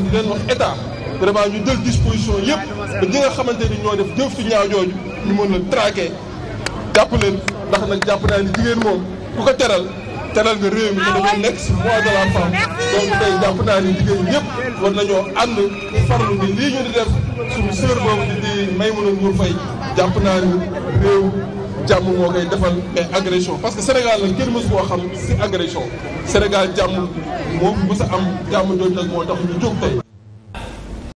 leen wax état vraiment ñu jël disposition yëpp ba ñi nga xamante ni ñoo def jëf ci ñaaw jooju ñu mën leen traqué jàpp leen ndax nag jàpp naa ni jigéen moom ku ko teral teral nga réew mi te dañoo nekk si mois de la femme donc tey jàpp naa ni jigéen ñëpp war nañoo ànd farlu ni lii ñu di def suñu sœur boobu di Maimouna Ndour Faye jàpp naa ni réew jàmm moo koy defal mais agression parce que Sénégal nag kenn mësu koo xam si agression Sénégal jàmm moom bu sa am jàmm jooju nag moo tax ñu jóg